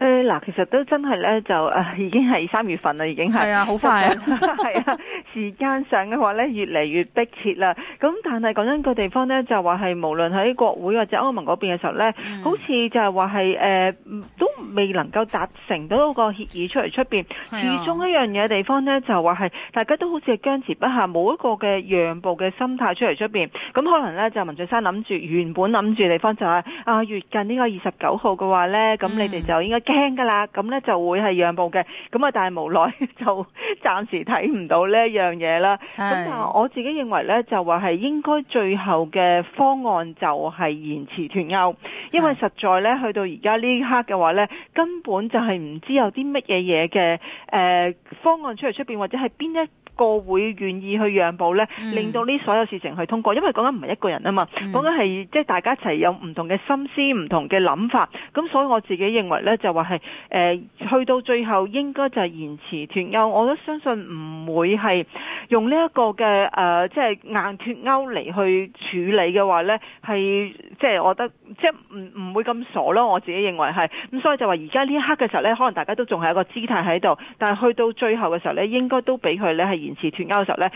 嗱、呃，其實都真係咧，就已經係三月份啦，已經係係啊，好快係啊， 啊，時間上嘅話咧，越嚟越迫切啦。咁但係講緊個地方咧，就話係無論喺國會或者歐盟嗰邊嘅時候咧，嗯、好似就係話係都未能夠達成到個協議出嚟出邊。是啊、始終一樣嘢地方咧，就話係大家都好似係僵持不下，冇一個嘅讓步嘅心態出嚟出邊。咁可能咧就文翠珊諗住原本諗住地方就係、是、啊越近呢個二十九號嘅話咧，咁你哋就應該。驚噶啦，咁咧就會係讓步嘅，咁啊但係無奈就暫時睇唔到呢一樣嘢啦。咁啊是我自己認為咧就話係應該最後嘅方案就係延遲脱歐，因為實在咧去到而家呢一刻嘅話咧根本就係唔知有啲乜嘢嘢嘅誒方案出嚟出邊或者係邊一。個會願意去讓步呢，令到呢所有事情去通過，因為講緊唔係一個人啊嘛，講緊係即係大家一齊有唔同嘅心思、唔同嘅諗法，咁所以我自己認為呢，就話係誒去到最後應該就係延遲脱歐，我都相信唔會係用呢一個嘅誒即係硬脱歐嚟去處理嘅話呢，係即係我覺得即係唔唔會咁傻咯，我自己認為係，咁所以就話而家呢一刻嘅時候呢，可能大家都仲係一個姿態喺度，但係去到最後嘅時候呢，應該都俾佢咧係。延遲脫歐嘅時候咧，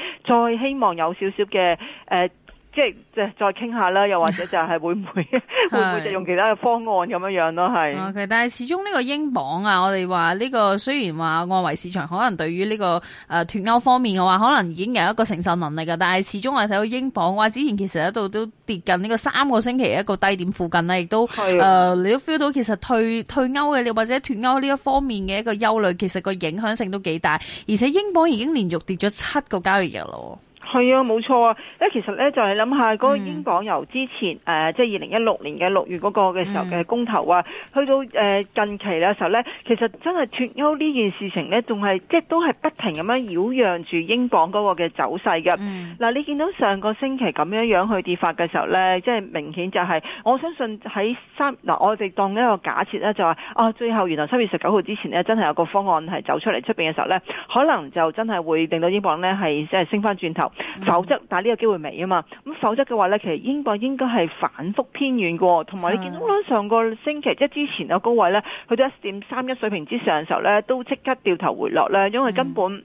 再希望有少少嘅誒。呃即係再傾下啦，又或者就係會唔會 是會唔會就用其他嘅方案咁樣樣咯。係、嗯。但係始終呢個英鎊啊，我哋話呢個雖然話外圍市場可能對於呢、這個誒、呃、脫歐方面嘅話，可能已經有一個承受能力噶，但係始終我睇到英鎊嘅話，之前其實一度都跌近呢個三個星期一個低點附近咧，亦都誒的、呃，你都 feel 到其實退退歐嘅你或者脫歐呢一方面嘅一個憂慮，其實個影響性都幾大，而且英鎊已經連續跌咗七個交易日咯。係啊，冇錯啊！其實咧就係諗下嗰英鎊由之前誒、嗯呃，即係二零一六年嘅六月嗰個嘅時候嘅公投啊，嗯、去到誒、呃、近期嘅時候咧，其實真係脫歐呢件事情咧，仲係即係都係不停咁樣擾攘住英鎊嗰個嘅走勢嘅。嗱、嗯啊，你見到上個星期咁樣樣去跌發嘅時候咧，即係明顯就係、是，我相信喺三嗱、啊，我哋當一個假設咧、就是，就話啊，最後原來三月十九號之前咧，真係有個方案係走出嚟，出面嘅時候咧，可能就真係會令到英鎊咧係即係升返轉頭。嗯、否則，但係呢個機會未啊嘛。咁否則嘅話呢，其實英鎊應該係反覆偏軟嘅，同埋你見到咧，上個星期即係之前個高位呢，去到一點三一水平之上嘅時候呢，都即刻掉頭回落咧，因為根本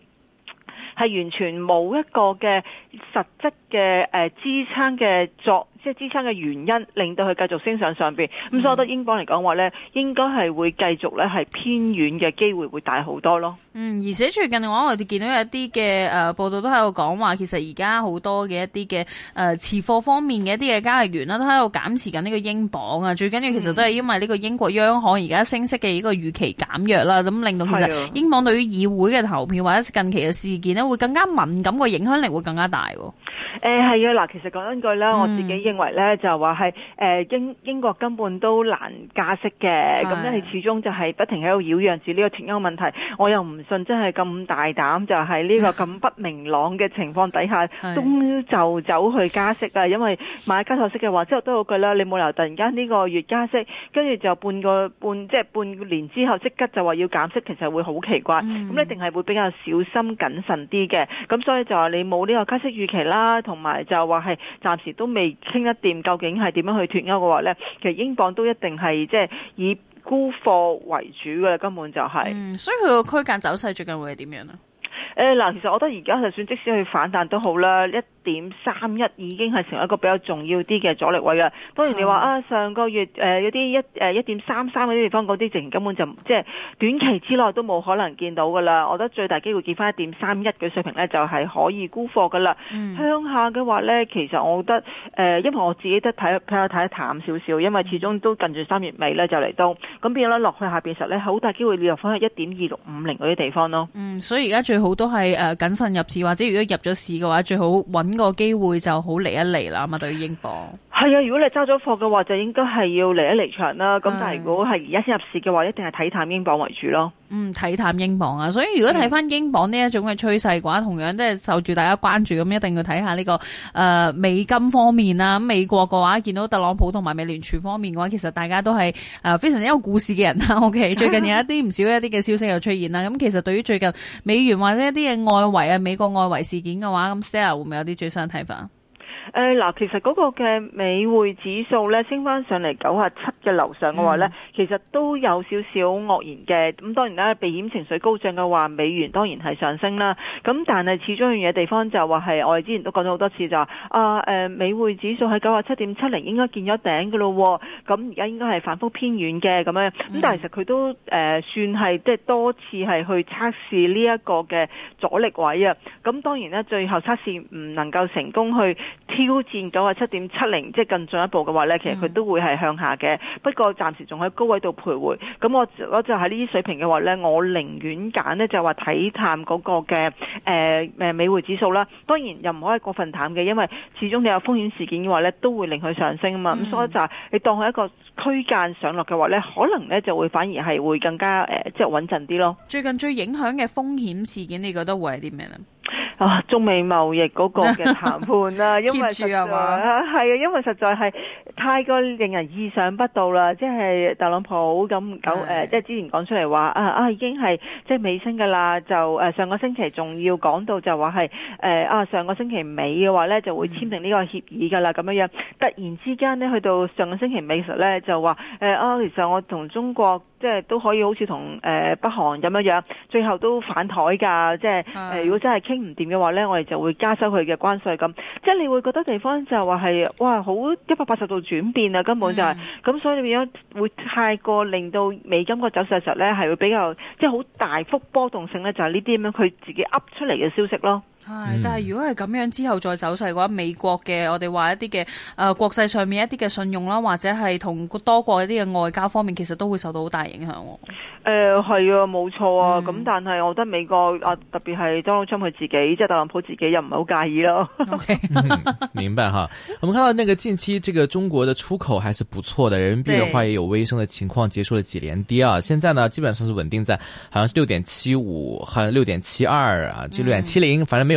係完全冇一個嘅實質嘅誒支撐嘅作用。即係支撐嘅原因，令到佢繼續升上上邊。咁、嗯、所以我覺得英鎊嚟講話咧，應該係會繼續咧係偏軟嘅機會會大好多咯。嗯，而且最近嘅話，我哋見到有一啲嘅誒報道都喺度講話，其實而家好多嘅一啲嘅誒持貨方面嘅一啲嘅交易員啦，都喺度減持緊呢個英鎊啊。最緊要其實都係因為呢個英國央行而家升息嘅呢個預期減弱啦，咁、嗯、令到其實英鎊對於議會嘅投票或者近期嘅事件咧，會更加敏感，嘅影響力會更加大。誒係啊嗱，其實講一句啦，我自己認為咧、嗯、就話係誒英英國根本都難加息嘅，咁咧是的 始終就係不停喺度擾攘住呢個脫歐問題。我又唔信真係咁大膽，就喺呢個咁不明朗嘅情況底下，終於 就走去加息噶。是的 因為買加索息嘅話，即係都嗰句啦，你冇理由突然間呢個月加息，跟住就半個半即係半年之後即刻就話要減息，其實會好奇怪。咁、嗯、一定係會比較小心謹慎啲嘅。咁所以就話你冇呢個加息預期啦。同埋就話係暫時都未傾得掂，究竟係點樣去脫歐嘅話咧？其實英鎊都一定係即係以沽貨為主嘅，根本就係、是嗯。所以佢個區間走勢最近會係點樣啊？誒，嗱，其實我覺得而家就算即使去反彈都好啦，一。點三一已經係成一個比較重要啲嘅阻力位啦。當然你話啊，上個月誒啲一誒一點三三嗰啲地方嗰啲，其實根本就即係短期之內都冇可能見到㗎啦。我覺得最大機會見翻一點三一嘅水平咧，就係、是、可以沽貨㗎啦。嗯，向下嘅話咧，其實我覺得誒、呃，因為我自己都睇比較睇淡少少，因為始終都近住三月尾咧就嚟到，咁變咗落去下邊實咧，好大機會跌落翻一點二六五零嗰啲地方咯。嗯，所以而家最好都係誒、呃、謹慎入市，或者如果入咗市嘅話，最好揾。呢個機會就好嚟一嚟啦，咁啊對於英鎊。係啊，如果你揸咗貨嘅話，就應該係要離一離場啦。咁但係如果係而家先入市嘅話，一定係睇淡英鎊為主咯。嗯，睇淡英鎊啊，所以如果睇翻英鎊呢一種嘅趨勢嘅話，的同樣都係受住大家關注，咁一定要睇下呢、這個誒、呃、美金方面啦。美國嘅話，見到特朗普同埋美聯儲方面嘅話，其實大家都係誒非常有故事嘅人啦。OK，最近有一啲唔少一啲嘅消息又出現啦。咁其實對於最近美元或者一啲嘅外圍啊，美國外圍事件嘅話，咁 Stella 會唔會有啲最新嘅睇法？誒嗱、哎，其實嗰個嘅美匯指數咧升翻上嚟九十七嘅樓上嘅話咧，嗯、其實都有少少愕然嘅。咁當然啦，避險情緒高漲嘅話，美元當然係上升啦。咁但係始終樣嘢地方就話係我哋之前都講咗好多次就話啊誒，美匯指數喺九十七點七零應該見咗頂嘅咯。咁而家應該係反覆偏軟嘅咁樣。咁、嗯、但係其實佢都誒、呃、算係即係多次係去測試呢一個嘅阻力位啊。咁當然呢，最後測試唔能夠成功去。挑戰九啊七點七零，即係更進一步嘅話呢，其實佢都會係向下嘅。不過暫時仲喺高位度徘徊。咁我我就喺呢啲水平嘅話呢，我寧願揀呢就話睇淡嗰個嘅誒美匯指數啦。當然又唔可以過分淡嘅，因為始終你有風險事件嘅話呢，都會令佢上升啊嘛。咁所以就係你當佢一個區間上落嘅話呢，可能呢就會反而係會更加誒即係穩陣啲咯。最近最影響嘅風險事件，你覺得會係啲咩呢？啊，中美貿易嗰個嘅談判啦，啊， 因為實在，係 啊，因為實在係啊因為實在係。太過令人意想不到啦！即係特朗普咁久，即係的、呃、之前講出嚟話啊，啊已經係即係尾聲㗎啦，就上個星期仲要講到就話係、呃、啊上個星期尾嘅話咧就會簽訂呢個協議㗎啦，咁樣樣突然之間呢，去到上個星期尾嘅時候呢，其實咧就話、呃、啊，其實我同中國即係都可以好似同、呃、北韓咁樣樣，最後都反台㗎，即係的如果真係傾唔掂嘅話咧，我哋就會加收佢嘅關稅咁，即係你會覺得地方就話係哇好一百八十度。轉變啊，根本就係、是、咁，嗯、所以變咗會太過令到美金個走勢實咧，係會比較即係好大幅波動性咧，就係呢啲咁樣，佢自己噏出嚟嘅消息咯。係，但係如果係咁樣之後再走勢嘅話，美國嘅我哋話一啲嘅誒國際上面一啲嘅信用啦，或者係同多國一啲嘅外交方面，其實都會受到好大影響。誒係啊，冇錯啊，咁、嗯、但係我覺得美國啊，特別係 Donald Trump 佢自己，即係特朗普自己又唔係好介意咯 Okay, 嗯。明白哈。我們看到那個近期這個中國嘅出口還是不錯的，人民幣嘅話也有微升嘅情況，結束咗幾連跌啊。對現在呢基本上是穩定在好像是六點七五，好像六點七二啊，即係六點七零，反正沒有。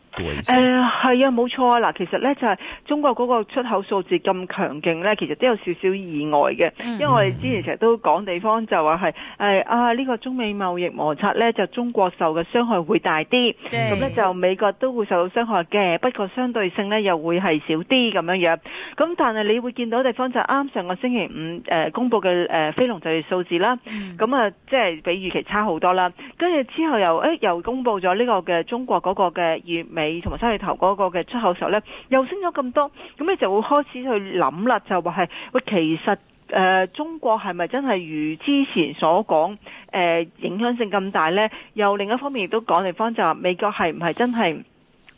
誒係對、呃、啊，冇錯啊嗱，其實咧就係、是、中國嗰個出口數字咁強勁咧，其實都有少少意外嘅，因為我哋之前成日都講地方就話係誒啊呢、這個中美貿易摩擦咧，就中國受嘅傷害會大啲，咁咧對就美國都會受到傷害嘅，不過相對性咧又會係少啲咁樣樣。咁但係你會見到地方就啱上個星期五誒、呃、公布嘅誒非農就業數字啦，咁 啊即係、就是、比預期差好多啦，跟住之後又誒又公布咗呢個嘅中國嗰個嘅月。同埋犀利頭嗰個嘅出口時候呢，又升咗咁多，咁你就會開始去諗啦，就話係喂，其實誒、呃，中國係咪真係如之前所講誒、呃，影響性咁大呢？又另一方面亦都講地方，就話美國係唔係真係？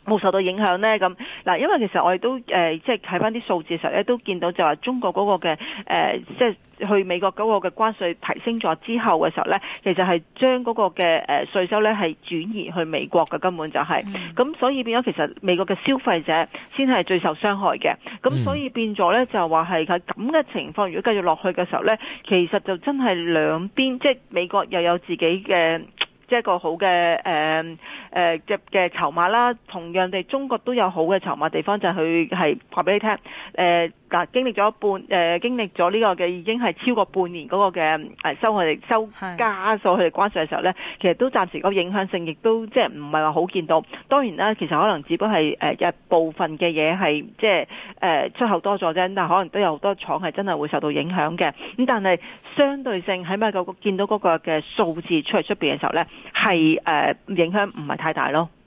冇受到影響呢。咁嗱，因為其實我哋都、呃、即係睇翻啲數字嘅時候咧，都見到就話中國嗰個嘅、呃、即係去美國嗰個嘅關稅提升咗之後嘅時候咧，其實係將嗰個嘅誒稅收咧係轉移去美國嘅根本就係、是，咁所以變咗其實美國嘅消費者先係最受傷害嘅，咁所以變咗咧就話係佢咁嘅情況，如果繼續落去嘅時候咧，其實就真係兩邊，即係美國又有自己嘅。即係一個好嘅誒誒，隻嘅籌碼啦，同樣地中國都有好嘅籌碼，地方，就係佢係話俾你聽誒。嗯嗱、呃，經歷咗半，經歷咗呢個嘅已經係超過半年嗰個嘅收佢哋收加收佢哋關稅嘅時候咧，其實都暫時嗰個影響性亦都即係唔係話好見到。當然啦，其實可能只不過係、呃、一部分嘅嘢係即係出口多咗啫，但係可能都有好多廠係真係會受到影響嘅。咁但係相對性，喺咪個見到嗰個嘅數字出嚟出邊嘅時候咧，係、呃、影響唔係太大咯。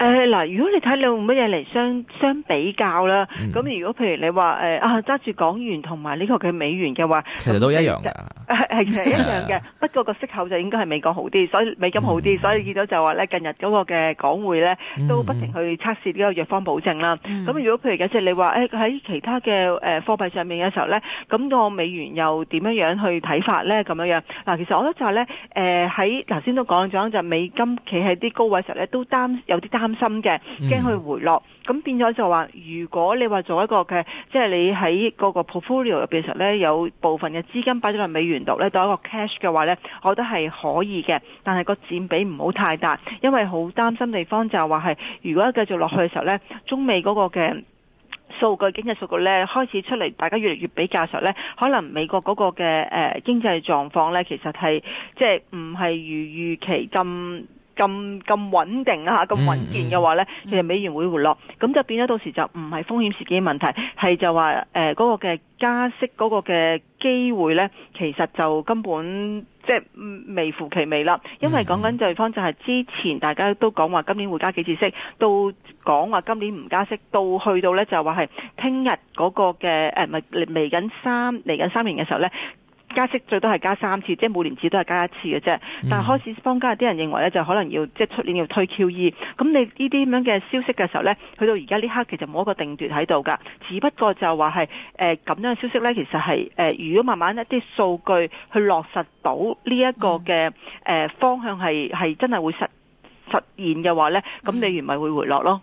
誒嗱、呃，如果你睇你用乜嘢嚟相相比較啦，咁、嗯、如果譬如你話誒啊揸住港元同埋呢個嘅美元嘅話，其實都一樣嘅，嗯、其實一樣嘅。 不過個息口就應該係美國好啲，所以美金好啲，嗯、所以見到就話咧，近日嗰個嘅港匯咧、嗯、都不停去測試呢個弱方保證啦。咁、嗯、如果譬如嘅即係你話誒喺其他嘅誒貨幣上面嘅時候咧，咁個美元又點樣樣去睇法咧咁樣樣嗱。其實我覺得、就係呃、在都就係咧誒喺頭先都講咗，就係、美金企喺啲高位時候咧都擔有啲擔擔心嘅，驚佢、嗯、回落，咁變咗就話，如果你話做一個嘅，即、就、係、是、你喺嗰個 portfolio 入邊時候咧，有部分嘅資金擺咗落美元度咧，當一個 cash 嘅話咧，我覺得係可以嘅，但係個佔比唔好太大，因為好擔心地方就係話係，如果繼續落去嘅時候咧，中美嗰個嘅數據經濟數據咧開始出嚟，大家越嚟越比較嘅時候咧，可能美國嗰個嘅誒、呃、經濟狀況咧，其實係即係唔係如預期咁。咁咁穩定啊，咁穩健嘅話咧，嗯嗯、其實美元會回落，咁就變咗到時就唔係風險事件嘅問題，係就話誒嗰個嘅加息嗰個嘅機會咧，其實就根本即係微乎其微啦。嗯嗯、因為講緊對方就係、是、之前大家都講話今年會加幾次息，到講話今年唔加息，到去到咧就話係聽日嗰個嘅誒，唔係嚟嚟緊三嚟緊三年嘅時候咧。加息最多係加三次，即係每年只都係加一次嘅啫。但係開始坊家間有啲人認為咧就可能要即係出年要推 QE。咁你呢啲咁樣嘅消息嘅時候咧，去到而家呢刻其實冇一個定奪喺度噶。只不過就話係誒咁樣嘅消息咧，其實係、呃、如果慢慢一啲數據去落實到呢一個嘅、嗯呃、方向係真係會實，實現嘅話咧，咁美元咪會回落咯。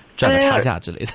賺差價之類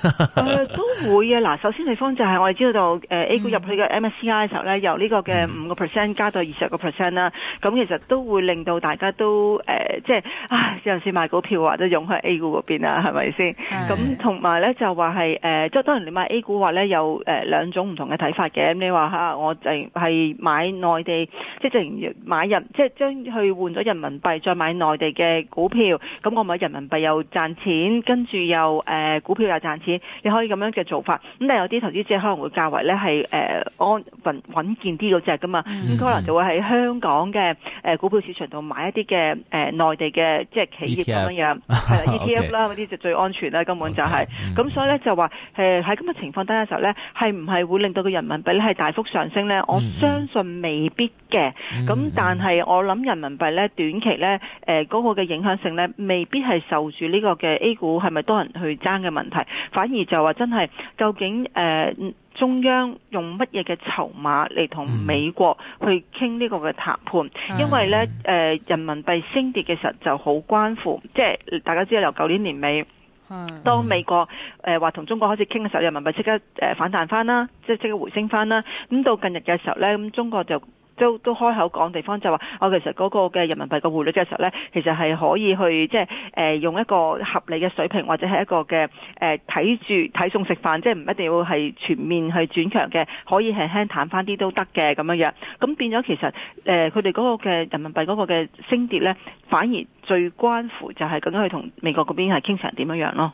都說 會啊！嗱，首先地方就係我哋知道到，誒，A 股入去嘅 MSCI 嘅時候咧，嗯、由呢個嘅五個 percent 加到二十個 percent 啦，咁、嗯嗯、其實都會令到大家都誒、呃，即係啊，有陣時買股票話都湧去 A 股嗰邊啦，係咪先？咁同埋咧就話係誒，即、呃、係當然你買 A 股話咧，有誒兩種唔同嘅睇法嘅。咁你話吓、啊，我就係買內地，即係即買入，即係將去換咗人民幣，再買內地嘅股票，咁我買人民幣又賺錢，跟住又。誒、呃、股票又賺錢，你可以咁樣嘅做法，咁但係有啲投資者可能會較為咧係誒安穩穩健啲嗰隻㗎嘛，咁、mm hmm. 可能就會喺香港嘅誒、呃、股票市場度買一啲嘅誒內地嘅即係企業咁樣樣 ETF. ，ETF 啦嗰啲 就最安全啦，根本就係、是。咁、okay. mm hmm. 所以咧就話誒喺咁嘅情況底下時候咧，係唔係會令到個人民幣咧係大幅上升咧？我相信未必嘅。咁、mm hmm. 但係我諗人民幣咧短期咧誒嗰個嘅影響性咧未必係受住呢個嘅 A 股係咪多人去爭嘅問題，反而就話真係究竟誒、呃、中央用乜嘢嘅籌碼嚟同美國去傾呢個嘅談判？嗯、因為呢誒、呃、人民幣升跌嘅時候就好關乎，即、就、係、是、大家知道，由舊年年尾，嗯、當美國誒話同中國開始傾嘅時候，人民幣即刻誒反彈翻啦，即係即刻回升翻啦。咁到近日嘅時候呢，咁中國就。都都開口講地方就話，我、哦、其實嗰個嘅人民幣嘅匯率嘅時候咧，其實係可以去即係誒用一個合理嘅水平，或者係一個嘅誒睇住睇餸食飯，即係唔一定要係全面去轉強嘅，可以係輕淡翻啲都得嘅咁樣樣。咁變咗其實誒佢哋嗰個嘅人民幣嗰個嘅升跌咧，反而最關乎就係究竟去同美國嗰邊係傾成點樣樣咯。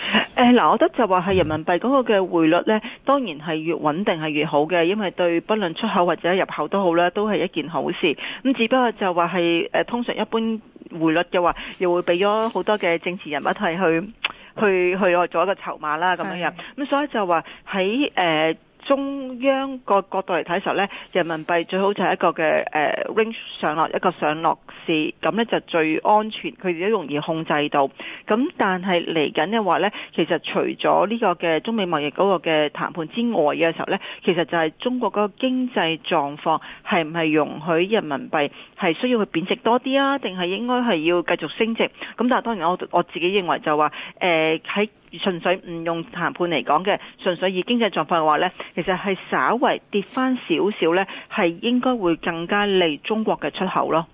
誒，嗱、嗯嗯啊，我覺得就話係人民幣嗰個嘅匯率咧，當然係越穩定係越好嘅，因為對不論出口或者入口都好啦，都係一件好事。咁、嗯、只不過就話係誒，通常一般匯率嘅話，又會俾咗好多嘅政治人物係去去去做一個籌碼啦，咁樣的樣。咁、嗯、所以就話喺誒。呃中央個角度嚟睇嘅時候咧，人民幣最好就係一個嘅 range 上落一個上落市，咁咧就最安全，佢哋都容易控制到。咁但係嚟緊嘅話咧，其實除咗呢個嘅中美貿易嗰個嘅談判之外嘅時候咧，其實就係中國嗰個經濟狀況係唔係容許人民幣係需要去貶值多啲啊？定係應該係要繼續升值？咁但係當然我我自己認為就話誒喺。純粹唔用談判嚟講嘅，純粹以經濟狀況嘅話咧，其實係稍為跌返少少咧，係應該會更加利中國嘅出口咯。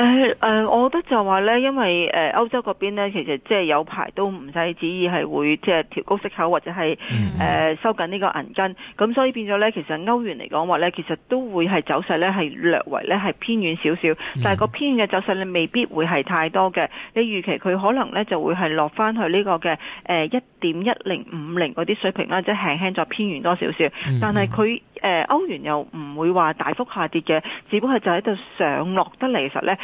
誒誒，uh, uh, 我覺得就話咧，因為誒、uh, 歐洲嗰邊咧，其實即係有排都唔使旨意係會即係調高息口或者係誒、mm hmm. 呃、收緊呢個銀根，咁所以變咗咧，其實歐元嚟講話咧，其實都會係走勢咧係略為咧係偏遠少少，但係個偏遠嘅走勢呢，呢點點勢未必會係太多嘅。你預期佢可能咧就會係落翻去呢個嘅誒一點一零五零嗰啲水平啦，即係輕輕再偏遠多少少。但係佢誒歐元又唔會話大幅下跌嘅，只不過就喺度上落得嚟嘅時候咧。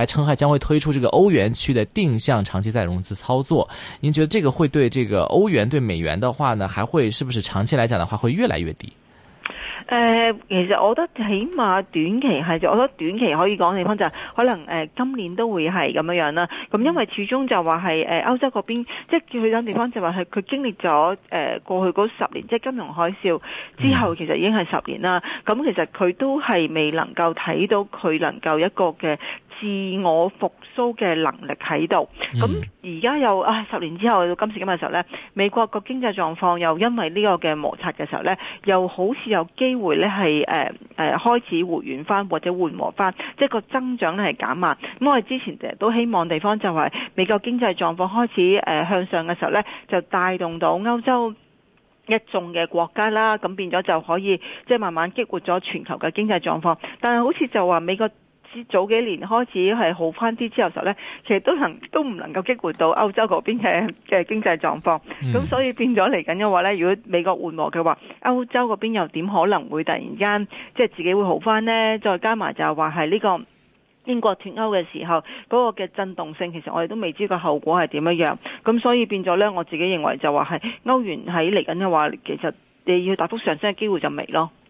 來稱，還將會推出這個歐元區的定向長期再融資操作。您覺得這個會對這個歐元對美元的話呢，還會是不是長期來講的話會越來越低？誒、呃，其實我覺得起碼短期係，就我覺得短期可以講嘅地方就係可能誒、呃，今年都會係咁樣樣啦。咁因為始終就話係誒歐洲嗰邊，即係佢等地方就話係佢經歷咗誒、呃、過去嗰十年，即係金融海嘯之後，其實已經係十年啦。咁、嗯、其實佢都係未能夠睇到佢能夠一個嘅。自我復甦嘅能力喺度，咁而家又啊十年之後到今時今日嘅時候呢，美國個經濟狀況又因為呢個嘅摩擦嘅時候呢，又好似有機會呢係誒誒開始回軟翻或者緩和翻，即係個增長呢係減慢。咁我哋之前成日都希望地方就係美國經濟狀況開始、呃、向上嘅時候呢，就帶動到歐洲一眾嘅國家啦，咁變咗就可以即係慢慢激活咗全球嘅經濟狀況。但係好似就話美國，早幾年開始係好返啲之後時候咧，其實都能都唔能夠激活到歐洲嗰邊嘅嘅經濟狀況，咁、嗯、所以變咗嚟緊嘅話咧，如果美國緩和嘅話，歐洲嗰邊又點可能會突然間即係、就是、自己會好返呢？再加埋就係話係呢個英國脱歐嘅時候嗰、那個嘅震動性，其實我哋都未知個後果係點樣樣，咁所以變咗呢，我自己認為就話係歐元喺嚟緊嘅話，其實你要大幅上升嘅機會就未咯。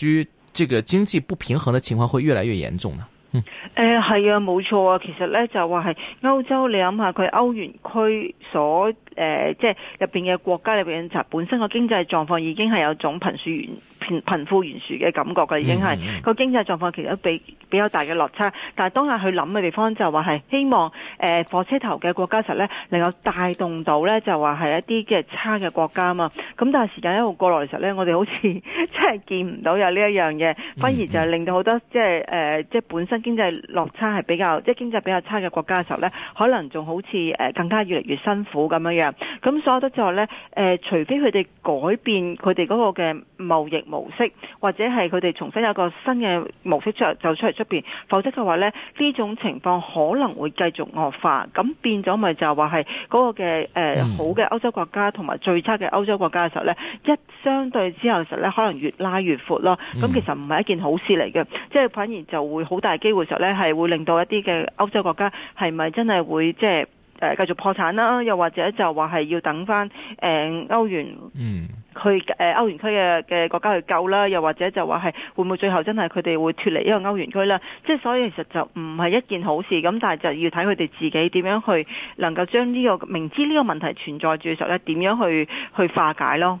區這個經濟不平衡的情況會越來越嚴重呢？嗯，誒係啊，冇錯啊。其實咧就話係歐洲，你諗下佢歐元區所誒、呃、即係入邊嘅國家入邊，就本身嘅經濟狀況已經係有種貧富懸。貧富懸殊嘅感覺嘅，已經係個、嗯嗯嗯、經濟狀況其實都比比較大嘅落差。但係當下去諗嘅地方就話係希望，誒、呃、火車頭嘅國家實咧能夠帶動到咧，就話係一啲嘅差嘅國家嘛。咁但係時間一路過來時實咧我哋好似真係見唔到有呢一樣嘢，嗯嗯、反而就係令到好多即係誒，即係、呃、本身經濟落差係比較，即係經濟比較差嘅國家嘅時候咧，可能仲好似誒更加越嚟越辛苦咁樣樣。咁所以咧就話咧，誒、呃、除非佢哋改變佢哋嗰個嘅。貿易模式或者係佢哋重新有一個新嘅模式出走出嚟出面，否則嘅話呢，呢種情況可能會繼續惡化，咁變咗咪就係話係嗰個嘅誒、呃 mm. 好嘅歐洲國家同埋最差嘅歐洲國家嘅時候呢，一相對之後實呢，可能越拉越闊咯。咁其實唔係一件好事嚟嘅，即係、mm. 反而就會好大機會實呢，係會令到一啲嘅歐洲國家係咪真係會即係誒繼續破產啦？又或者就話係要等返誒歐元嗯。Mm. 去誒歐元區嘅嘅國家去救啦，又或者就話係會唔會最後真係佢哋會脫離呢個歐元區啦？即係所以其實就唔係一件好事咁，但係就要睇佢哋自己點樣去能夠將呢個明知呢個問題存在住嘅時候咧，點樣去去化解咯。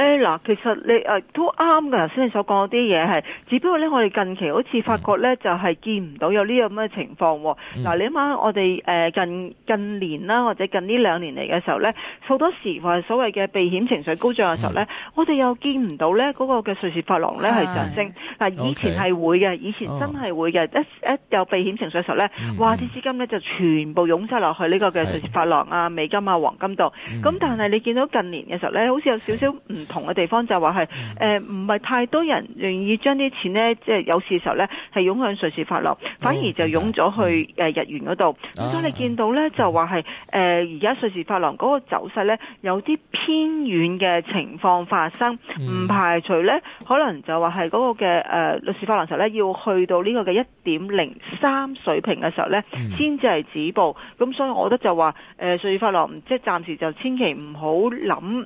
嗱、欸，其實你誒、啊、都啱嘅，頭先你所講嗰啲嘢係，只不過咧，我哋近期好似發覺咧，嗯、就係見唔到有呢個咁嘅情況喎、哦。嗱、嗯啊，你諗下，我哋誒近近年啦，或者近呢兩年嚟嘅時候咧，好多時話所謂嘅避險情緒高漲嘅時候咧，嗯、我哋又見唔到咧嗰、嗰個嘅瑞士法郎咧係上升。嗱是，但以前係會嘅，以前真係會嘅，哦、一一有避險情緒嘅時候咧，嗯、哇啲資金咧就全部湧晒落去呢個嘅瑞士法郎啊、美金啊、黃金度。咁、嗯嗯、但係你見到近年嘅時候咧，好似有少少唔～同嘅地方就話係誒唔係太多人願意將啲錢呢，即係有事嘅時候呢，係湧向瑞士法郎，反而就湧咗去誒、哦呃、日元嗰度。咁所以你見到呢，就話係誒而家瑞士法郎嗰個走勢呢，有啲偏遠嘅情況發生，唔、嗯、排除呢，可能就話係嗰個嘅誒瑞士法郎時候呢，要去到呢個嘅一點零三水平嘅時候呢，先至係止步。咁所以我覺得就話誒、呃、瑞士法郎即係暫時就千祈唔好諗。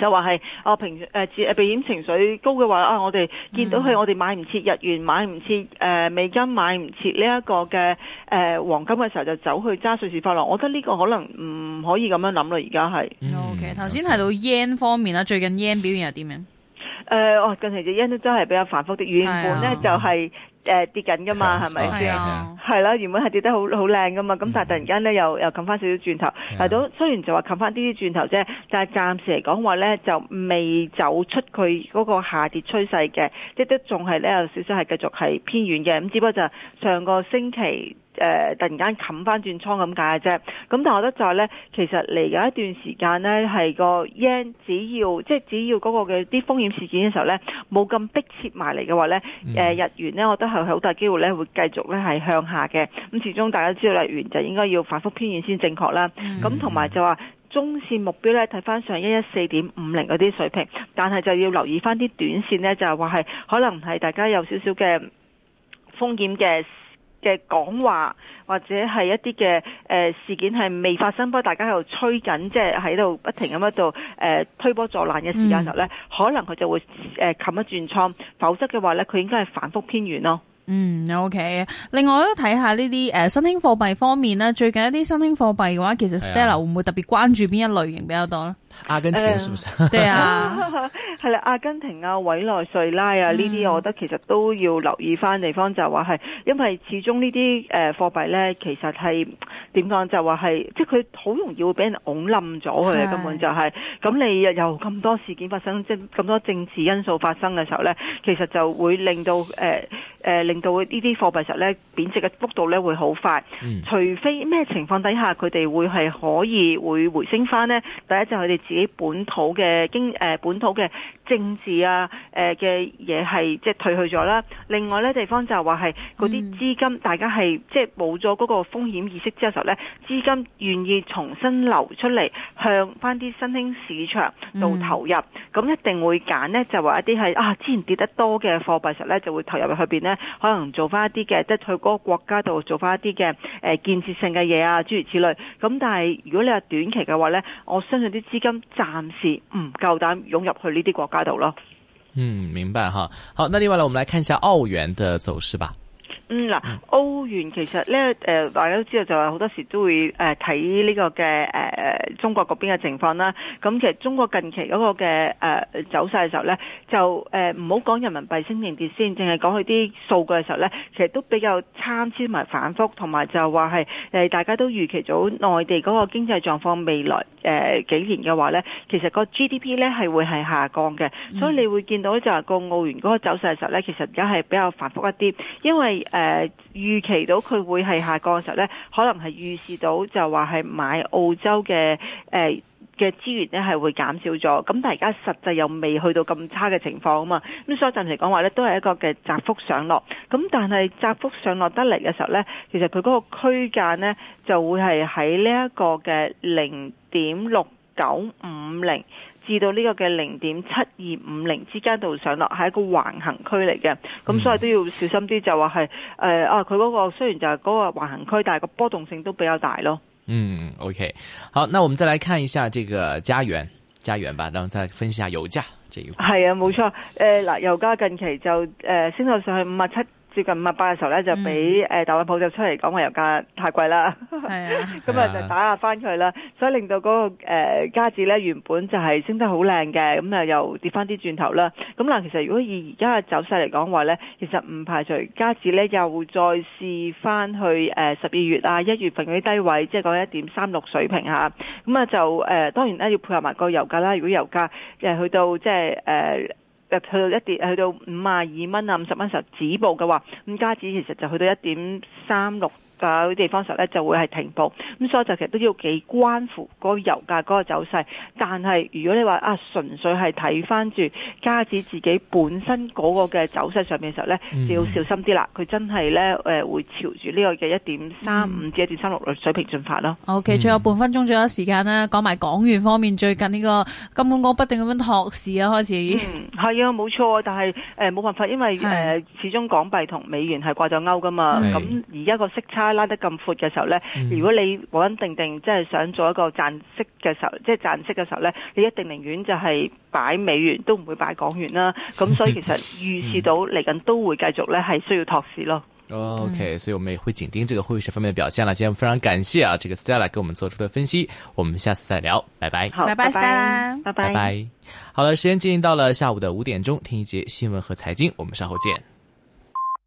就話係，我平誒避險情緒高嘅話，啊，我哋見到佢，我哋買唔切日元，買唔切誒美金，買唔切呢一個嘅誒、呃、黃金嘅時候，就走去揸瑞士法郎。我覺得呢個可能唔可以咁樣諗咯，而家係。O K，頭先提到 yen 方面啦，最近 yen 表現係點樣？誒、呃，我近期隻 yen 都真係比較繁複啲，原本咧、啊、就係、是。誒、呃、跌緊噶嘛，係咪先？係啦 Yeah.，原本係跌得好好靚噶嘛，咁但係突然間咧又，mm. 又冚翻少少轉頭，係 Yeah. 都雖然就話冚翻啲啲轉頭啫，但係暫時嚟講話咧就未走出佢嗰個下跌趨勢嘅，即係都仲係咧有少少係繼續係偏軟嘅，咁只不過就上個星期。誒、呃、突然間冚翻轉倉咁解嘅啫，咁但係我覺得就係咧，其實嚟緊一段時間咧係個 yen 只要即係只要嗰個嘅啲風險事件嘅時候咧，冇咁迫切埋嚟嘅話咧、嗯呃，日元咧我覺得係好大機會咧會繼續咧係向下嘅。咁始終大家知道日元就應該要反覆偏軟先正確啦。咁同埋就話中線目標咧睇翻上一一四點五零嗰啲水平，但係就要留意翻啲短線咧就係話係可能係大家有少少嘅風險嘅。嘅講話或者係一啲嘅誒事件係未發生，不過大家喺度吹緊，即係喺度不停咁喺度誒推波助瀾嘅時間頭咧，嗯、可能佢就會誒冚、呃、一轉倉，否則嘅話咧，佢應該係反覆偏遠咯。嗯，OK。另外都睇下呢啲誒新興貨幣方面啦，最近一啲新興貨幣嘅話，其實 Stella 會唔會特別關注邊一類型比較多咧？嗯嗯阿根廷係咪？嗯、 啊，係啦、啊嗯 啊，阿根廷啊、委內瑞拉啊呢啲，這些我覺得其實都要留意返地方，就話係，因為始終呢啲誒貨幣咧，其實係點講，就話、是、係，即係佢好容易會俾人拱冧咗佢根本就係、是。咁你又咁多事件發生，即咁多政治因素發生嘅時候咧，其實就會令到誒。呃誒令到呢啲貨幣實咧貶值嘅幅度咧會好快，嗯、除非咩情況底下佢哋會係可以會回升翻呢。第一就係佢哋自己本土嘅經誒、呃、本土嘅政治啊嘅嘢係即係退去咗啦。另外咧地方就話係嗰啲資金，嗯、大家係即係冇咗嗰個風險意識之後時候，候咧資金願意重新流出嚟向翻啲新興市場度投入，咁、嗯、一定會揀呢，就話一啲係啊之前跌得多嘅貨幣實咧就會投入入去邊呢。可能做翻一啲嘅，即係去嗰個國家度做翻一啲嘅誒建設性嘅嘢啊，諸如此類。咁但係如果你話短期嘅話呢，我相信啲資金暫時唔夠膽湧入去呢啲國家度咯。嗯，明白吓。好，那另外呢，我們來看一下澳元的走勢吧。嗯嗱，澳元其實呢，誒大家都知道就係好多時都會誒睇呢個嘅誒中國嗰邊嘅情況啦。咁其實中國近期嗰個嘅誒、啊、走勢嘅時候咧，就誒唔好講人民幣升年跌先，淨係講佢啲數據嘅時候咧，其實都比較參差埋反覆，同埋就話係大家都預期咗內地嗰個經濟狀況未來、啊、幾年嘅話呢，其實個 GDP 呢係會係下降嘅。嗯、所以你會見到就係個澳元嗰個走勢嘅時候咧，其實而家係比較反覆一啲，因為、啊誒、呃、預期到佢會係下降嘅時候呢，可能係預示到就話係買澳洲嘅誒嘅資源係會減少咗。咁但係而家實際又未去到咁差嘅情況啊嘛。咁所以暫時講話呢都係一個嘅窄幅上落。咁但係窄幅上落得嚟嘅時候呢，其實佢嗰個區間呢就會係喺呢一個嘅零點六九五零，至到呢個嘅零點七二五零之間度上落，係一個橫行區嚟嘅，咁所以都要小心啲、就是，就話係啊，佢嗰、呃、個雖然就係嗰個橫行區，但係個波動性都比較大咯。嗯，OK，好，那我們再來看一下這個加元，加元吧，然後再分析下油價，這油。係啊，冇錯、嗱、嗯呃，油價近期就、呃、升到上去五啊七。接近五啊八嘅時候咧，就俾誒大潤普就出嚟講話油價太貴啦，嗯，咁 啊，啊 就打壓翻佢啦，所以令到嗰，那個誒、呃、加紙咧原本就係升得好靚嘅，咁、嗯、啊又跌翻啲轉頭啦。咁、嗯、嗱，其實如果以而家嘅走勢嚟講話咧，其實唔排除加紙咧又再試翻去誒十二月啊一月份嗰啲低位，即係講一點三六水平嚇。咁、嗯、啊、嗯、就誒、呃、當然咧要配合埋個油價啦。如果油價誒、呃、去到即係誒。呃誒去到一點，去到五啊二蚊啊，五十蚊時候止步嘅話，咁加止其實就去到一點三六。啲地方時候咧就會係停步，咁所以就其實都要幾關乎嗰個油價嗰個走勢。但係如果你話啊，純粹係睇翻住加子自己本身嗰個嘅走勢上面嘅時候咧，嗯、就要小心啲啦。佢真係咧誒會朝住呢個嘅一點三五至一點三六嘅水平進發咯。OK，最後半分鐘，最後時間啦，講埋港元方面最近呢個金管局不斷咁樣託市、嗯、啊，開始。嗯，係啊，冇錯，但係誒冇辦法，因為誒的始終港幣同美元係掛咗鈎噶嘛，咁的而家個息差。拉得咁闊嘅時候咧，如果你穩穩定定即係想做一個賺息嘅時候，嗯、即係賺息嘅時候咧，你一定寧願就係擺美元都唔會擺港元啦。咁所以其實預示到嚟緊、 嗯、都會繼續咧係需要托市咯。OK，所以我們會緊盯這個匯市方面嘅表現啦。今日非常感謝啊，這個 Stella 給我們做出嘅分析。我們下次再聊，拜拜，拜拜。好，拜拜，Stella，拜拜，拜。拜拜。好了，時間進行到了下午的五點鐘，聽一節新聞和財經，我們稍後見。